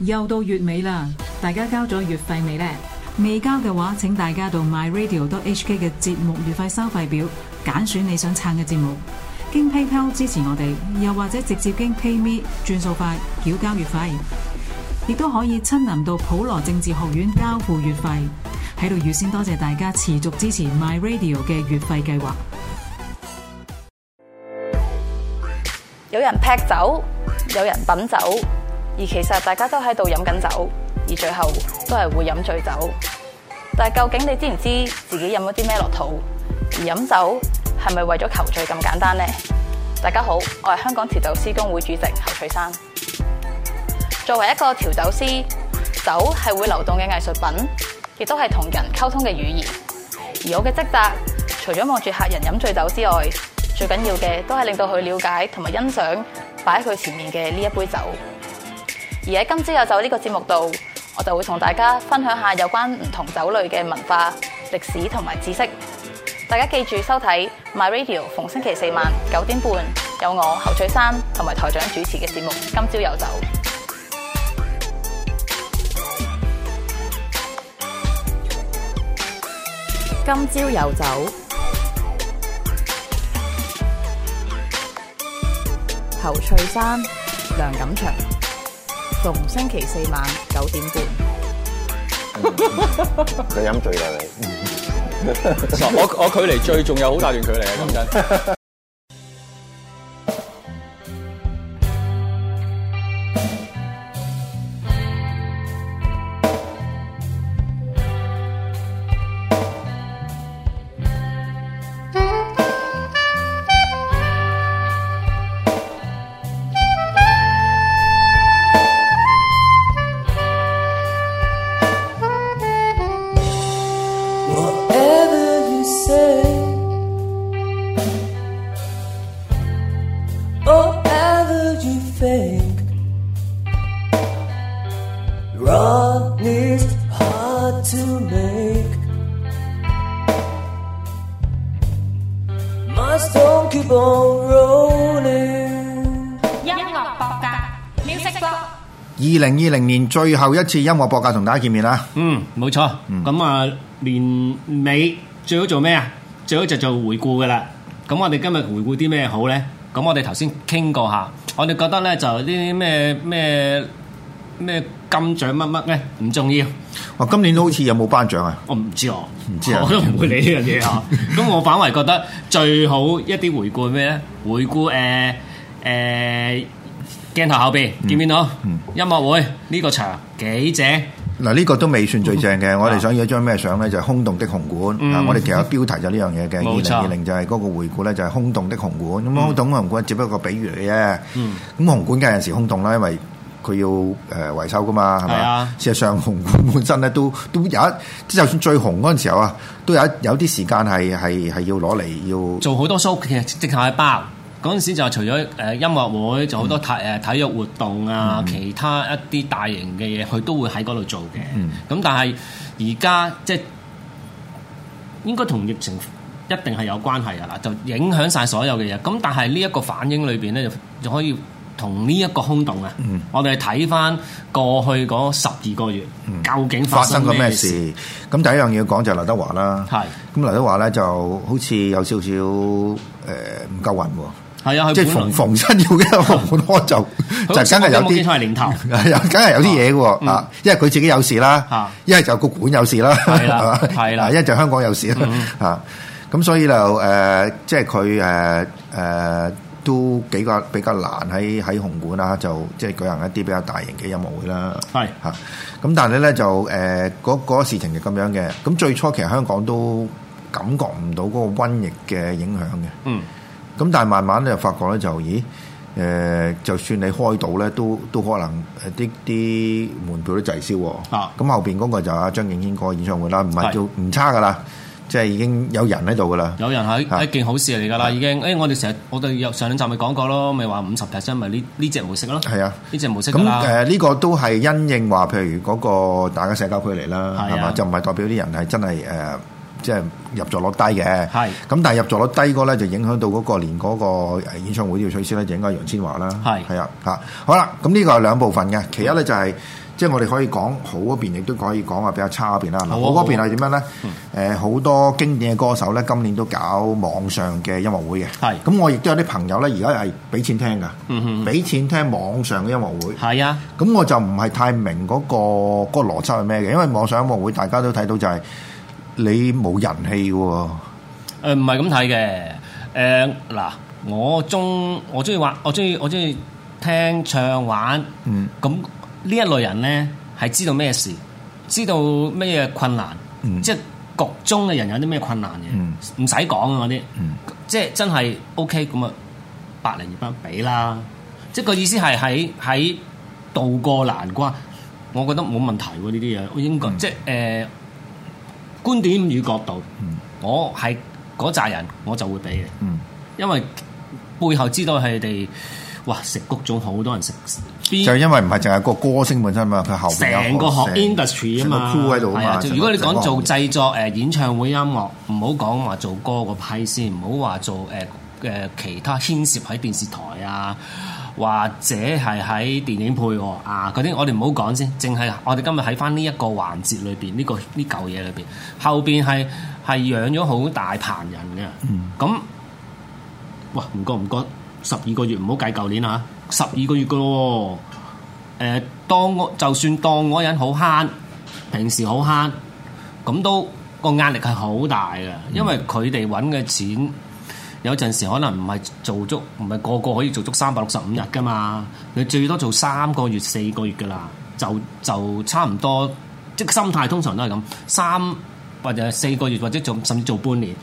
又到月尾啦，大家交咗月費未呢？未交嘅話，請大家到 My Radio 多 HK 嘅節目月費收費表揀選你想撐嘅節目，經 PayPal 支持我哋，又或者直接經 PayMe 轉數快繳交月費，亦都可以親臨到普羅政治學院交付月費。喺度預先多謝大家持續支持 My Radio 嘅月費計劃。有人劈酒，有人品酒。而其實大家都喺度飲緊酒，而最後都係會飲醉酒。但係究竟你知唔知自己飲咗啲咩落肚？而飲酒係咪為咗求醉咁簡單呢？大家好，我係香港調酒師公會主席侯翠山。作為一個調酒師，酒係會流動嘅藝術品，亦都係同人溝通嘅語言。而我嘅職責，除咗望住客人飲醉酒之外，最緊要嘅都係令到佢了解同埋欣賞擺喺佢前面嘅呢一杯酒。而喺今朝有酒呢、這個節目度，我就會同大家分享下有關唔同酒類嘅文化、歷史同埋知識。大家記住收睇 My Radio，逢星期四晚九點半有我侯翠珊同埋台長主持嘅節目《今朝有酒》。今朝有酒，侯翠珊、梁錦祥。逢星期四晚九點半。 你飲醉啦你！ 我我距離醉仲有好大段距離啊！真。 零二零年最後一次音樂博格同大家見面喇！嗯，冇錯。咁啊，年尾最好做咩啊？最好就做回顧嘅啦。咁我哋今日回顧啲咩好咧？咁我哋頭先傾過吓，我哋覺得咧就啲咩咩咩金獎乜乜咧，唔重要。哇！今年都好似有冇頒獎啊？我唔知啊，唔知啊，我都唔會理呢樣嘢啊。咁我反為覺得最好一啲回顧咩咧？回顧誒誒。鏡頭後邊見唔見到音樂會呢個場幾正？嗱呢個都未算最正嘅，我哋想要一張咩相咧？就係空洞的紅館。嗱，我哋其實標題就呢樣嘢嘅。二零二零就係嗰個回顧咧，就係空洞的紅館。咁空洞紅館只不過比喻嚟啫。咁紅館梗係有時空洞啦，因為佢要誒維修噶嘛，係咪啊？事實上紅館本身咧都都有一，就算最紅嗰陣時候啊，都有一有啲時間係係係要攞嚟要做好多 show，其實直頭係包。嗰陣時就除咗誒音樂會，就好、嗯、多體誒體育活動啊，嗯、其他一啲大型嘅嘢佢都會喺嗰度做嘅。咁、嗯、但係而家即係應該同疫情一定係有關係㗎喇，就影響晒所有嘅嘢。咁但係呢一個反應裏邊咧，就可以同呢一個空洞啊，嗯、我哋睇翻過去嗰十二個月，嗯、究竟發生咗咩事？咁第一樣嘢講就劉德華啦。係咁的，劉德華咧就好似有少少誒唔夠運喎。係啊，即係逢逢親要嘅紅館就就梗係有啲，冇乜機頭，梗係有啲嘢嘅喎啊！因為佢自己有事啦，一係就個館有事啦，係啦，係啦，一就香港有事啦嚇，咁所以就誒，即係佢誒誒都比較比較難喺喺紅館啦，就即係舉行一啲比較大型嘅音樂會啦，係嚇。咁但係咧就誒嗰個事情就咁樣嘅。咁最初其實香港都感覺唔到嗰個瘟疫嘅影響嘅，嗯。咁但係慢慢咧，發覺咧就，咦？誒、呃，就算你開到咧，都都可能誒啲啲門票都滯銷喎、哦。咁、啊、後邊嗰個就阿張敬軒個演唱會啦，唔係都唔差噶啦，即、就、係、是、已經有人喺度噶啦。有人喺係一件好事嚟㗎啦，啊、已經。誒、哎，我哋成日我哋上一集咪講過咯，咪話五十 percent 咪呢呢隻模式咯。係、就、啊、是，呢隻模式。咁誒呢個都係因應話，譬如嗰個大家社交距離啦，係嘛、啊，就唔係代表啲人係真係誒。呃即係入座率低嘅，咁是但係入座率低個咧就影響到嗰個連嗰個演唱會要取消咧，就應該楊千嬅啦。係係是啊嚇，好啦，咁呢個係兩部分嘅，其一咧就係、是、即係我哋可以講好嗰邊，亦都可以講話比較差嗰邊啦。好嗰、啊啊、邊係點樣咧？誒好、嗯、多經典嘅歌手咧，今年都搞網上嘅音樂會嘅。係咁是，我亦都有啲朋友咧，而家係俾錢聽㗎。嗯俾哼錢聽網上嘅音樂會。係啊，咁我就唔係太明嗰、那個嗰、那個邏輯係咩嘅？因為網上音樂會大家都睇到就係、是。你冇人氣喎、哦呃？唔係咁睇嘅。誒、呃、嗱，我中我中意玩，我中意我中意聽唱玩。嗯，咁呢一類人咧係知道咩事，知道咩困難。嗯、即係局中嘅人有啲咩困難嘅。唔使講啊嗰啲。即係真係 OK 咁啊，百零二百畀啦。即係個意思係喺喺渡過難關。我覺得冇問題喎呢啲嘢。我應該即係誒。觀點與角度，嗯、我係嗰扎人，我就會俾你，嗯、因為背後知道佢哋哇食谷種好多人食，就因為唔係淨係個歌星本身嘛，佢後邊成個學 industry 啊嘛，啊個如果你講做製作誒演唱會音樂，唔好講話做歌個批先，唔好話做誒嘅、呃呃、其他牽涉喺電視台啊。或者係喺電影配樂啊嗰啲，我哋唔好講先。淨係我哋今日喺翻呢一個環節裏邊，呢、呢個呢嚿嘢裏邊，後邊係係養咗好大棚人嘅。咁、嗯、哇唔覺唔覺？十二個月唔好計舊年吓，十二個月㗎咯。誒、呃，當就算當我人好慳，平時好慳，咁都個壓力係好大嘅，因為佢哋揾嘅錢。有陣時可能唔係做足，唔係個個可以做足三百六十五日㗎嘛。你最多做三個月、四個月㗎啦，就就差唔多。即係心態通常都係咁，三或者四個月，或者做甚至做半年。誒、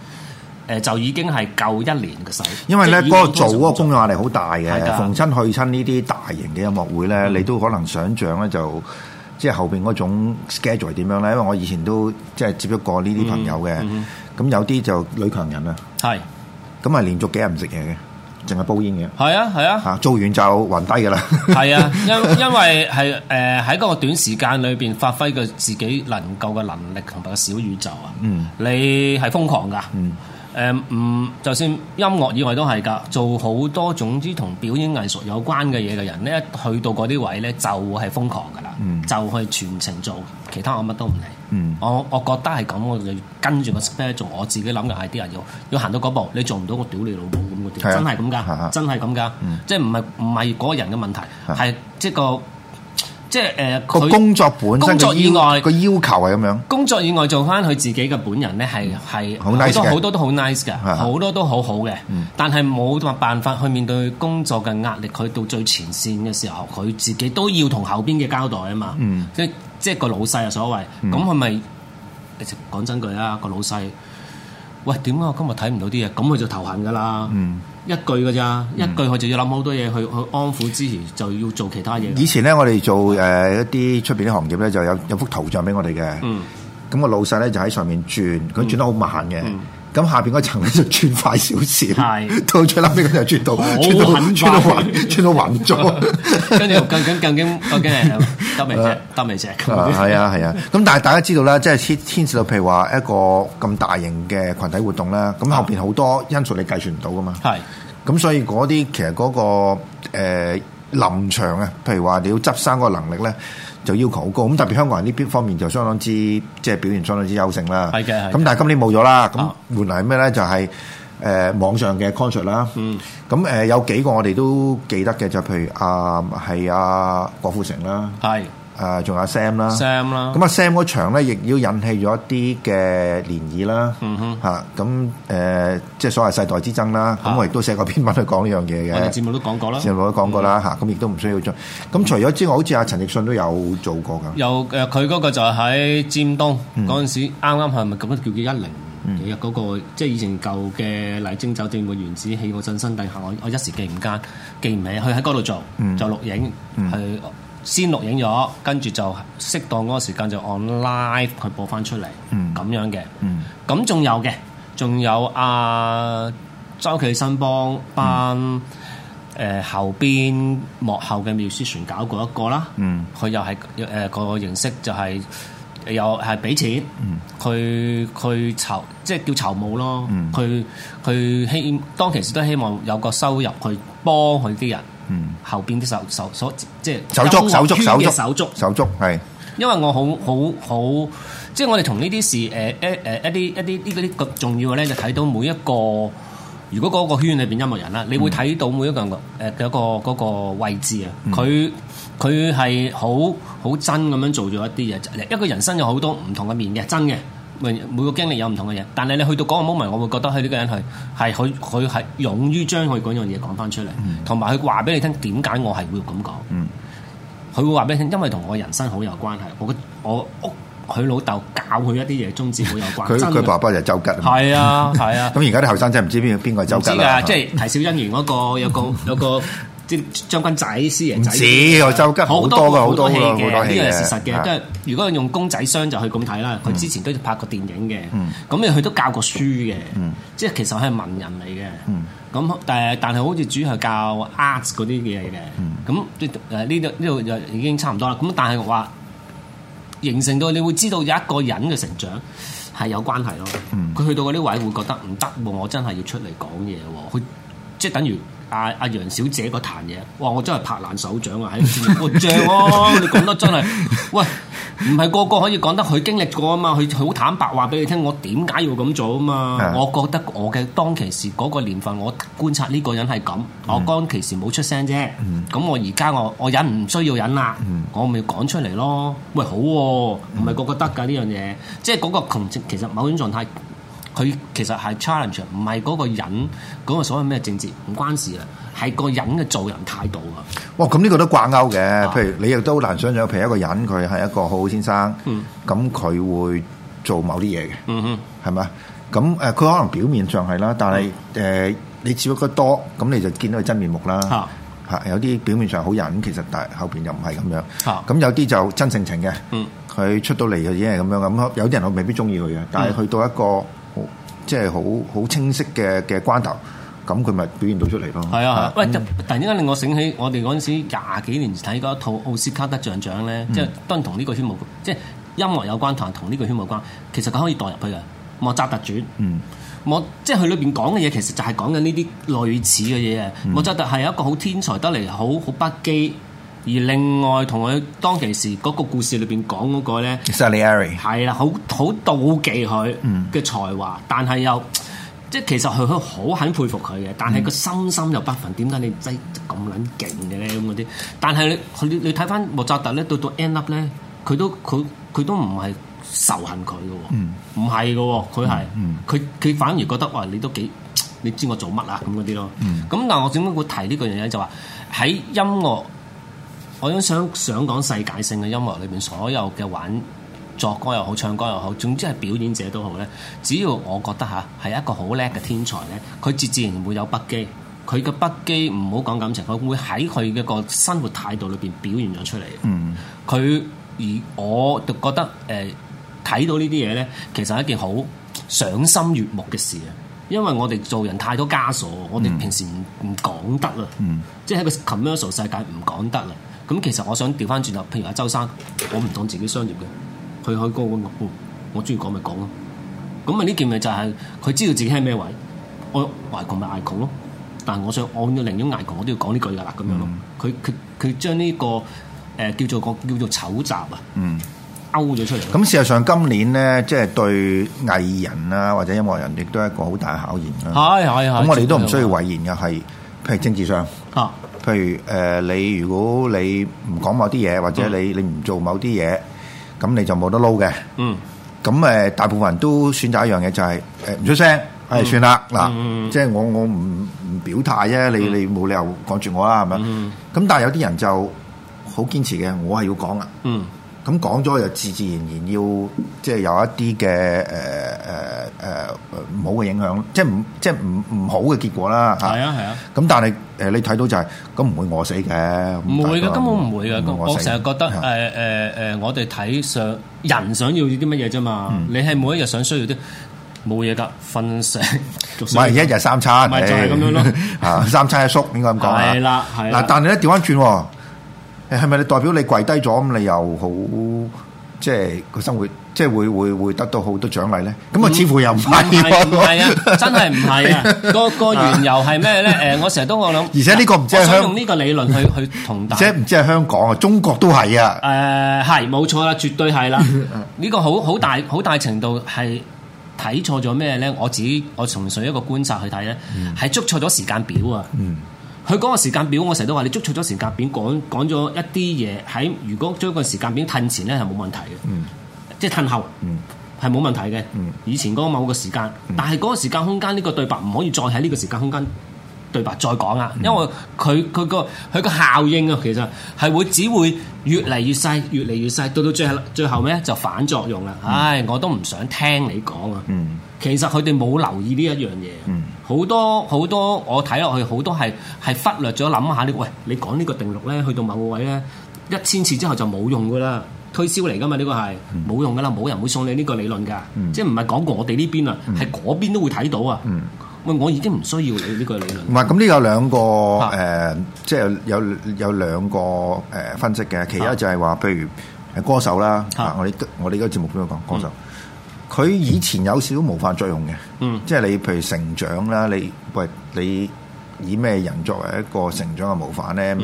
呃，就已經係夠一年嘅使。因為咧，嗰個做嗰個工作個功壓力好大嘅，逢親的去親呢啲大型嘅音樂會咧，嗯、你都可能想像咧就即係後邊嗰種 schedule 點樣咧。因為我以前都即係接觸過呢啲朋友嘅，咁、嗯嗯、有啲就女強人啦。係。咁啊，連續幾日唔食嘢嘅，淨係煲煙嘅。係啊，係啊。吓，做完就暈低噶啦。係 啊，因因為係誒喺嗰個短時間裏邊發揮佢自己能夠嘅能力同埋個小宇宙啊。嗯。你係瘋狂噶。嗯。誒唔、嗯，就算音樂以外都係㗎，做好多總之同表演藝術有關嘅嘢嘅人咧，一去到嗰啲位咧，就係、是、瘋狂㗎啦，嗯、就去全程做，其他我乜都唔理。嗯、我我覺得係咁，我要跟住個 schedule 做，我自己諗嘅係啲人要要行到嗰步，你做唔到，我屌你老母咁啲、那個的，真係咁㗎，的真係咁㗎，即係唔係唔係嗰個人嘅問題，係即個。的即係誒，個工作本身，工作以外個要求係咁樣，工作以外做翻佢自己嘅本人咧，係係好多好多都好 nice 嘅，好多都好好嘅。但係冇辦法去面對工作嘅壓力，佢到最前線嘅時候，佢自己都要同後邊嘅交代啊嘛。即即個老細啊，所謂咁，佢咪講真句啊，個老細，喂，點解我今日睇唔到啲嘢？咁佢就頭痕噶啦。一句噶咋？一句佢就要諗好多嘢去、嗯、去安撫，之前就要做其他嘢。以前咧，我哋做誒一啲出邊啲行業咧，就有有幅圖像俾我哋嘅、嗯嗯。嗯，咁個老細咧就喺上面轉，佢轉得好慢嘅。咁下邊嗰層咧就轉快少少，的到最拉尾嗰度又轉到，轉懷到轉到穩，轉到穩咗。咁究竟究竟究竟係得未啫？得未啫？係啊係啊。咁 但係大家知道啦，即係牽涉到，譬如話一個咁大型嘅群體活動咧，咁後邊好多因素你計算唔到噶嘛。係的。咁所以嗰啲其實嗰個誒臨場啊，譬如話你要執生嗰個能力咧。就要求好高，咁特別香港人呢邊方面就相當之即係、即係、表現相當之優勝啦。係嘅，咁但係今年冇咗啦。咁換嚟咩咧？就係、係。誒網上嘅 concert 啦，咁誒有幾個我哋都記得嘅，就譬如阿係阿郭富城啦，係誒仲有 Sam 啦，Sam 啦，咁啊 Sam 嗰場咧亦都引起咗一啲嘅漣漪啦，嚇咁誒即係所謂世代之爭啦，咁我亦都寫過篇文去講呢樣嘢嘅。我哋節目都講過啦，節目都講過啦嚇，咁亦都唔需要做。咁除咗之外，好似阿陳奕迅都有做過噶，有誒佢嗰個就係喺尖東嗰陣時啱啱係咪咁樣叫佢一零？日嗰、嗯嗰個即係以前舊嘅麗晶酒店嘅原址起個新身，定。係我我一時記唔間記唔起，佢喺嗰度做就錄影，佢、嗯嗯、先錄影咗，跟住就適當嗰個時間就 on Live 佢播翻出嚟，咁樣嘅。咁仲、嗯嗯、有嘅，仲有阿、啊、周啟新幫，幫班誒、嗯呃、後邊幕後嘅妙述船搞過一個啦，佢、嗯、又係誒、呃、個形式就係、是。又係俾錢，佢佢籌即係叫籌募咯，佢佢希當其時都希望有個收入去幫佢啲人，嗯、後邊啲手手所即係手足手足手足手、手足，係因為我好好好，即係我哋同呢啲事誒誒誒一啲一啲呢啲咁重要嘅咧，就睇到每一個。如果嗰個圈裏邊音樂人啦，你會睇到每一個人誒有一,一,一,一個位置啊，佢佢係好好真咁樣做咗一啲嘢。一個人生有好多唔同嘅面嘅，真嘅每每個經歷有唔同嘅嘢。但係你去到嗰個 moment，我會覺得佢呢個人係係佢佢係勇於將佢嗰、嗯、樣嘢講翻出嚟，同埋佢話俾你聽點解我係會咁講。佢會話俾你聽，因為同我人生好有關係。我我屋。我佢老豆教佢一啲嘢，中字好有關。佢佢爸爸就係周吉。係啊係啊。咁而家啲後生真係唔知邊邊個係周吉啦。唔知㗎，即係提小恩義嗰個有個有個即係將軍仔、師爺仔。唔止啊，周吉好多嘅好多戲嘅，呢個係事實嘅，即係如果用公仔箱就去咁睇啦。佢之前都拍過電影嘅，咁佢都教過書嘅，即係其實係文人嚟嘅。咁但係但係好似主要係教 arts 嗰啲嘢嘅。咁誒呢度呢度就已經差唔多啦。咁但係話。形成到你會知道有一個人嘅成長係有關係咯。佢、嗯、去到嗰啲位會覺得唔得喎，我真係要出嚟講嘢喎。佢即係等於。阿阿、啊、楊小姐個壇嘢，哇！我真係拍爛手掌啊，喺度活著哦！啊、 你講得真係，喂，唔係個個可以講得佢經歷過啊嘛，佢好坦白話俾你聽，我點解要咁做啊嘛？是的 我覺得我嘅當其時嗰個年份，我觀察呢個人係咁，我當其時冇出聲啫，咁我而家我我忍唔需要忍啦，嗯、我咪講出嚟咯。喂，好喎，啊，唔係個個得噶呢，嗯、樣嘢，即係嗰個窮，其實某種狀態，佢其實係 challenge，唔係嗰個人嗰、嗰個所謂咩政治唔關事啊，係個人嘅做人態度這這啊。哇！咁呢個都掛鈎嘅，譬如你亦都好難想象，譬如一個人佢係一個好好先生，咁佢、嗯、會做某啲嘢嘅，係咪、嗯哼？咁誒，佢可能表面上係啦，但係誒、嗯呃、你只不過多，咁你就見到佢真面目啦。嚇、啊、有啲表面上好人，其實但後邊又唔係咁樣。嚇、啊，咁有啲就真性情嘅，佢、嗯、出到嚟就已經係咁樣。咁有啲人我未必中意佢嘅，但係去到一個即係好好清晰嘅嘅關頭，咁佢咪表現到出嚟咯。係啊，喂！突然之間令我醒起，我哋嗰陣時廿幾年前睇過一套奧斯卡得獎獎咧，即係當然同呢個圈冇，即係音樂有關，同同呢個圈冇關。其實佢可以代入去嘅。莫扎特傳，莫、嗯、即係佢裏邊講嘅嘢，其實就係講緊呢啲類似嘅嘢啊。莫、嗯、扎特係一個好天才得嚟，好好不羈。而另外同佢當其時嗰個故事裏邊講嗰個咧，係啦 Salieri，好好妒忌佢嘅才華，mm. 但係又即係其實佢好肯佩服佢嘅，但係個心心又不忿。點解你唔使咁撚勁嘅咧？咁嗰啲，但係佢你睇翻莫扎特咧，到到 end up 咧，佢都佢佢都唔係仇恨佢嘅，唔係嘅，佢係佢佢反而覺得話你都幾你知我做乜啊，咁嗰啲咯。咁、mm. 但係我點解會提呢個嘢咧？就話、是、喺音樂。我想想想講世界性嘅音樂裏面所有嘅玩作歌又好，唱歌又好，總之係表演者都好咧。只要我覺得嚇係一個好叻嘅天才咧，佢自自然會有筆筆不羈。佢嘅不羈唔好講感情，佢會喺佢嘅個生活態度裏邊表現咗出嚟。嗯，佢而我就覺得誒睇、呃、到呢啲嘢咧，其實係一件好賞心悅目嘅事啊！因為我哋做人太多枷鎖，嗯、我哋平時唔唔講得啊，嗯、即係喺個 commercial 世界唔講得啊。咁其實我想調返轉頭，譬如阿周生，我唔當自己商業嘅，佢開歌嗰個我，我中意講咪講咯。咁啊、就係，呢件咪就係佢知道自己係咩位，我窮捱窮咪捱窮咯。但係我想，按要寧願捱窮，我都要講呢句噶啦，咁樣咯。佢佢佢將呢個誒、呃、叫做個叫做醜習啊，嗯、勾咗出嚟。咁、嗯、事實上今年咧，即、就、係、係、對藝人啊或者音樂人，亦都係一個好大嘅考驗啊。係係係。咁我哋都唔需要諱言嘅，係譬如政治上啊。譬如誒、呃，你如果你唔講某啲嘢，或者你你唔做某啲嘢，咁你就冇得撈嘅。嗯，咁誒、呃，大部分人都選擇一樣嘢就係誒唔出聲，係、嗯、算啦。嗱，即係我我唔唔表態啫，你你冇理由講住我啦，係咪？咁但係有啲人就好堅持嘅，我係要講啊。嗯。咁講咗又自自然然要即係有一啲嘅誒誒誒唔好嘅影響，即係唔即係唔唔好嘅結果啦嚇。係啊係啊。咁但係誒你睇到就係咁唔會餓死嘅。唔會嘅，根本唔會嘅。我成日覺得誒誒誒，我哋睇上人想要啲乜嘢啫嘛？你係每一日想需要啲冇嘢㗎，瞓醒唔係一日三餐，咪就係咁樣咯，三餐叔應該咁講嚇。係啦係，嗱但係咧調翻轉喎。係咪你代表你跪低咗，咁你又好即係個生活即係會會會得到好多獎勵咧？咁啊似乎又唔係，唔係啊，嗯、真係唔係啊！ 那個個緣由係咩咧？誒、 呃，我成日都我諗，而且呢個唔知香港呢個理論去去同即係唔知係香港啊，中國都係啊、呃。誒，係冇錯啦，絕對係啦。呢、這個好好大好大程度係睇錯咗咩咧？我自己我純粹一個觀察去睇咧，係捉錯咗時間表啊。嗯佢嗰個時間表，我成日都話你捉錯咗時間表，講講咗一啲嘢喺。如果將個時間表褪前咧，係冇問題嘅，嗯、即係褪後，係冇、嗯、問題嘅。嗯、以前嗰個某個時間，嗯、但係嗰個時間空間呢個對白唔可以再喺呢個時間空間對白再講啊，嗯、因為佢佢、個佢個效應啊，其實係會只會越嚟越細，越嚟越細，到到最後最後咧就反作用啦。嗯、唉，我都唔想聽你講啊。嗯、其實佢哋冇留意呢一樣嘢。嗯好多好多，我睇落去好多係，係忽略咗，諗下呢個喂，你講呢個定律咧，去到某個位咧一千次之後就冇用噶啦，推銷嚟噶嘛，呢個係冇用噶啦，冇人會送你呢個理論噶，嗯、即係唔係講過我哋呢邊啊，係嗰、嗯、邊都會睇到啊。喂、嗯，我已經唔需要你呢個理論。唔係咁，呢個兩個誒，即係有有兩個誒、啊呃就係、分析嘅，其一就係話，譬如係歌手啦，啊，我啲我哋而家節目邊度講歌手？佢以前有少少模範作用嘅，即係你譬如成長啦，你喂你以咩人作為一個成長嘅模範咧？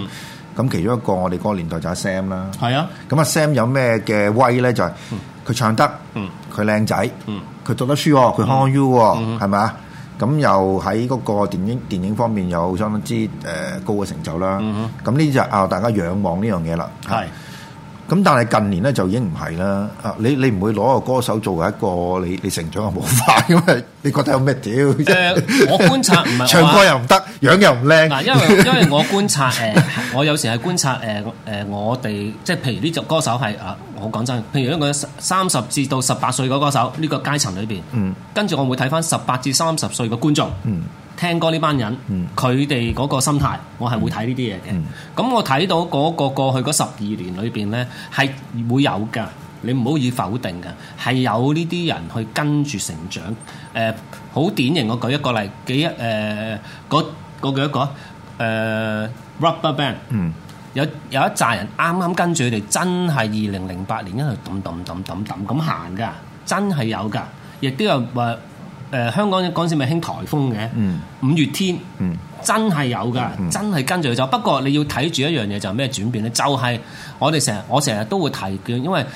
咁其中一個我哋嗰個年代就係阿 Sam 啦。係啊，咁阿 Sam 有咩嘅威咧？就係佢唱得，佢靚仔，佢讀得書，佢看 U，係咪啊？咁又喺嗰個電影電影方面有相當之誒高嘅成就啦。咁呢就啊大家仰望呢樣嘢啦。係。咁但係近年咧就已經唔係啦，啊你你唔會攞個歌手作為一個你你成長嘅模塊因為？ 你覺得有咩屌、呃、我觀察唔係、啊、唱歌又唔得，樣又唔靚。嗱、呃，因為因為我觀察誒、 呃，我有時係觀察誒誒、呃呃，我哋即係譬如呢隻歌手係啊，我講真，譬如一個三十至到十八歲嗰歌手呢、呢個階層裏邊，嗯，跟住我會睇翻十八至三十歲嘅觀眾，嗯。聽歌呢班人，佢哋嗰個心態，我係會睇呢啲嘢嘅。咁我睇到嗰個過去嗰十二年裏邊咧，係會有㗎。你唔好以否定㗎，係有呢啲人去跟住成長。誒，好典型我舉一個例，幾一誒，個個舉一個啊，誒，Rubber Band，有有一紮人啱啱跟住佢哋，真係二零零八年一路揼揼揼揼揼咁行㗎，真係有㗎，亦都有話。誒、呃，香港嗰陣時咪興台風嘅，嗯、五月天、嗯、真係有噶，嗯嗯、真係跟住去走。不過你要睇住一樣嘢，就係咩轉變呢？就係、是、我哋成日，我成日都會提嘅，因為誒，娛、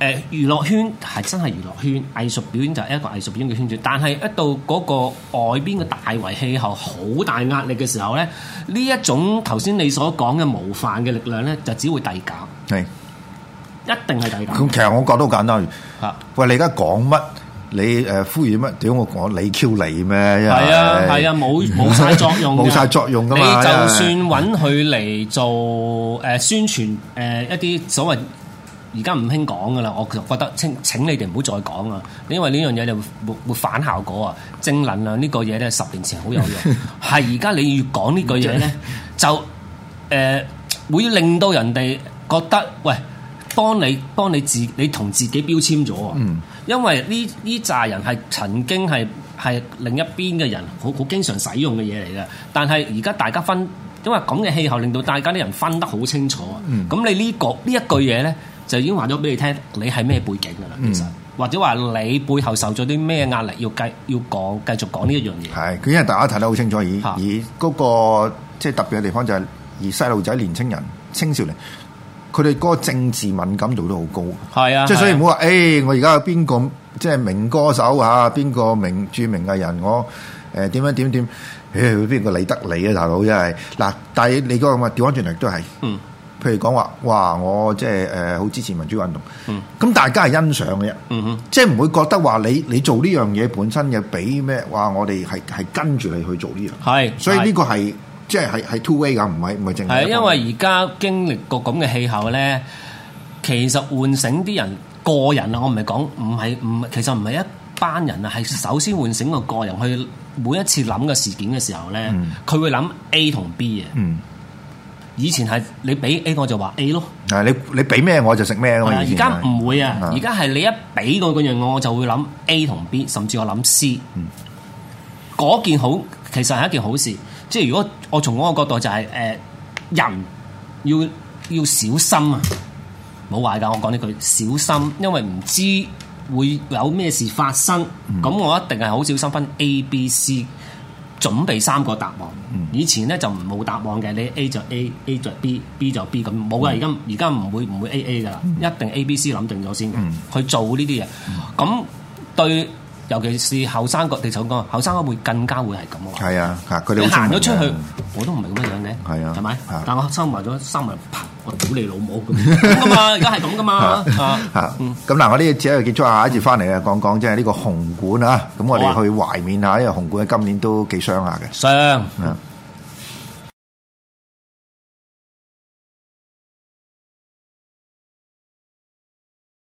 呃、樂圈係真係娛樂圈，藝術表演就係一個藝術表演嘅圈子。但係一到嗰個外邊嘅大圍氣候好大壓力嘅時候呢，呢一種頭先你所講嘅模範嘅力量呢，就只會遞減。係是，一定係遞減。咁其實我覺得好簡單。喂，你而家講乜？你誒呼籲乜？屌我講你 Q 你咩？係啊係啊，冇冇曬作用，冇晒 作用㗎嘛！你就算揾佢嚟做誒、呃、宣傳誒一啲所謂而家唔興講㗎啦，我覺得請請你哋唔好再講啊！因為呢樣嘢就會會反效果啊！正能量呢個嘢咧，十年前好有用，係而家你越講呢句嘢咧，就誒、呃、會令到人哋覺得喂，幫你幫你自你同自己標籤咗啊！嗯、因為呢呢扎人係曾經係係另一邊嘅人，好好經常使用嘅嘢嚟嘅。但係而家大家分因為咁嘅氣候，令到大家啲人分得好清楚啊！咁、嗯、你呢、呢個呢一句嘢咧，就已經話咗俾你聽，你係咩背景㗎喇。其實、嗯、或者話你背後受咗啲咩壓力，要繼要講繼續講呢一樣嘢。係，因為大家睇得好清楚，而而嗰個即係特別嘅地方就係而細路仔、年青人、青少年。佢哋嗰個政治敏感度都好高，係啊，即係所以唔好話，誒是、啊欸，我而家有邊個即係、就是、名歌手嚇，邊、啊、個名著名嘅人，我誒點樣點點，邊、呃、個理得你啊大佬真係，嗱，但係你嗰、那個咁啊調翻轉嚟都係，嗯，譬如講話，哇，我即係誒好支持民主運動，咁、嗯、大家係欣賞嘅，嗯即係唔會覺得話你你做呢樣嘢本身有俾咩，哇，我哋係係跟住你去做呢樣，係是，所以呢個係。 即係係係 two way，㗎，唔係唔係正係。係因為而家經歷過咁嘅氣候咧，其實喚醒啲人個人啊，我唔係講，唔係唔，其實唔係一班人啊，係首先喚醒個個人去每一次諗嘅事件嘅時候咧，佢、嗯、會諗 A 同 B 啊。嗯、以前係你俾 A 我就話 A 咯。你你俾咩我就食咩。而家唔會啊，而家係你一俾到個樣我，我就會諗 A 同 B，甚至我諗 C。嗰、嗯、件好其實係一件好事。即係如果我從嗰個角度就係、是、誒、呃、人要要小心啊，冇話㗎，我講呢句小心，因為唔知會有咩事發生。咁、嗯、我一定係好小心分 A、B、C 準備三個答案。嗯、以前咧就唔冇答案嘅，你 A 就 A，A 就 B，B 就 B，咁冇㗎。而家而家唔會唔會 A A 㗎喇，嗯、一定 A B C 諗定咗先、嗯、去做呢啲嘢。咁對。尤其是後生嗰啲唱歌，後生嗰輩更加會係咁啊！係啊，佢行咗出去，嗯、我都唔係咁樣嘅，係啊，係咪吧？啊、但我收埋咗三日，我屌你老母咁啊嘛！而家係咁噶嘛咁嗱，我呢節啊，啊、嗯、次結束下一節翻嚟啊，講講即係呢個紅館啊！咁我哋去懷念下，因、這、為、個、紅館喺今年都幾傷下嘅傷。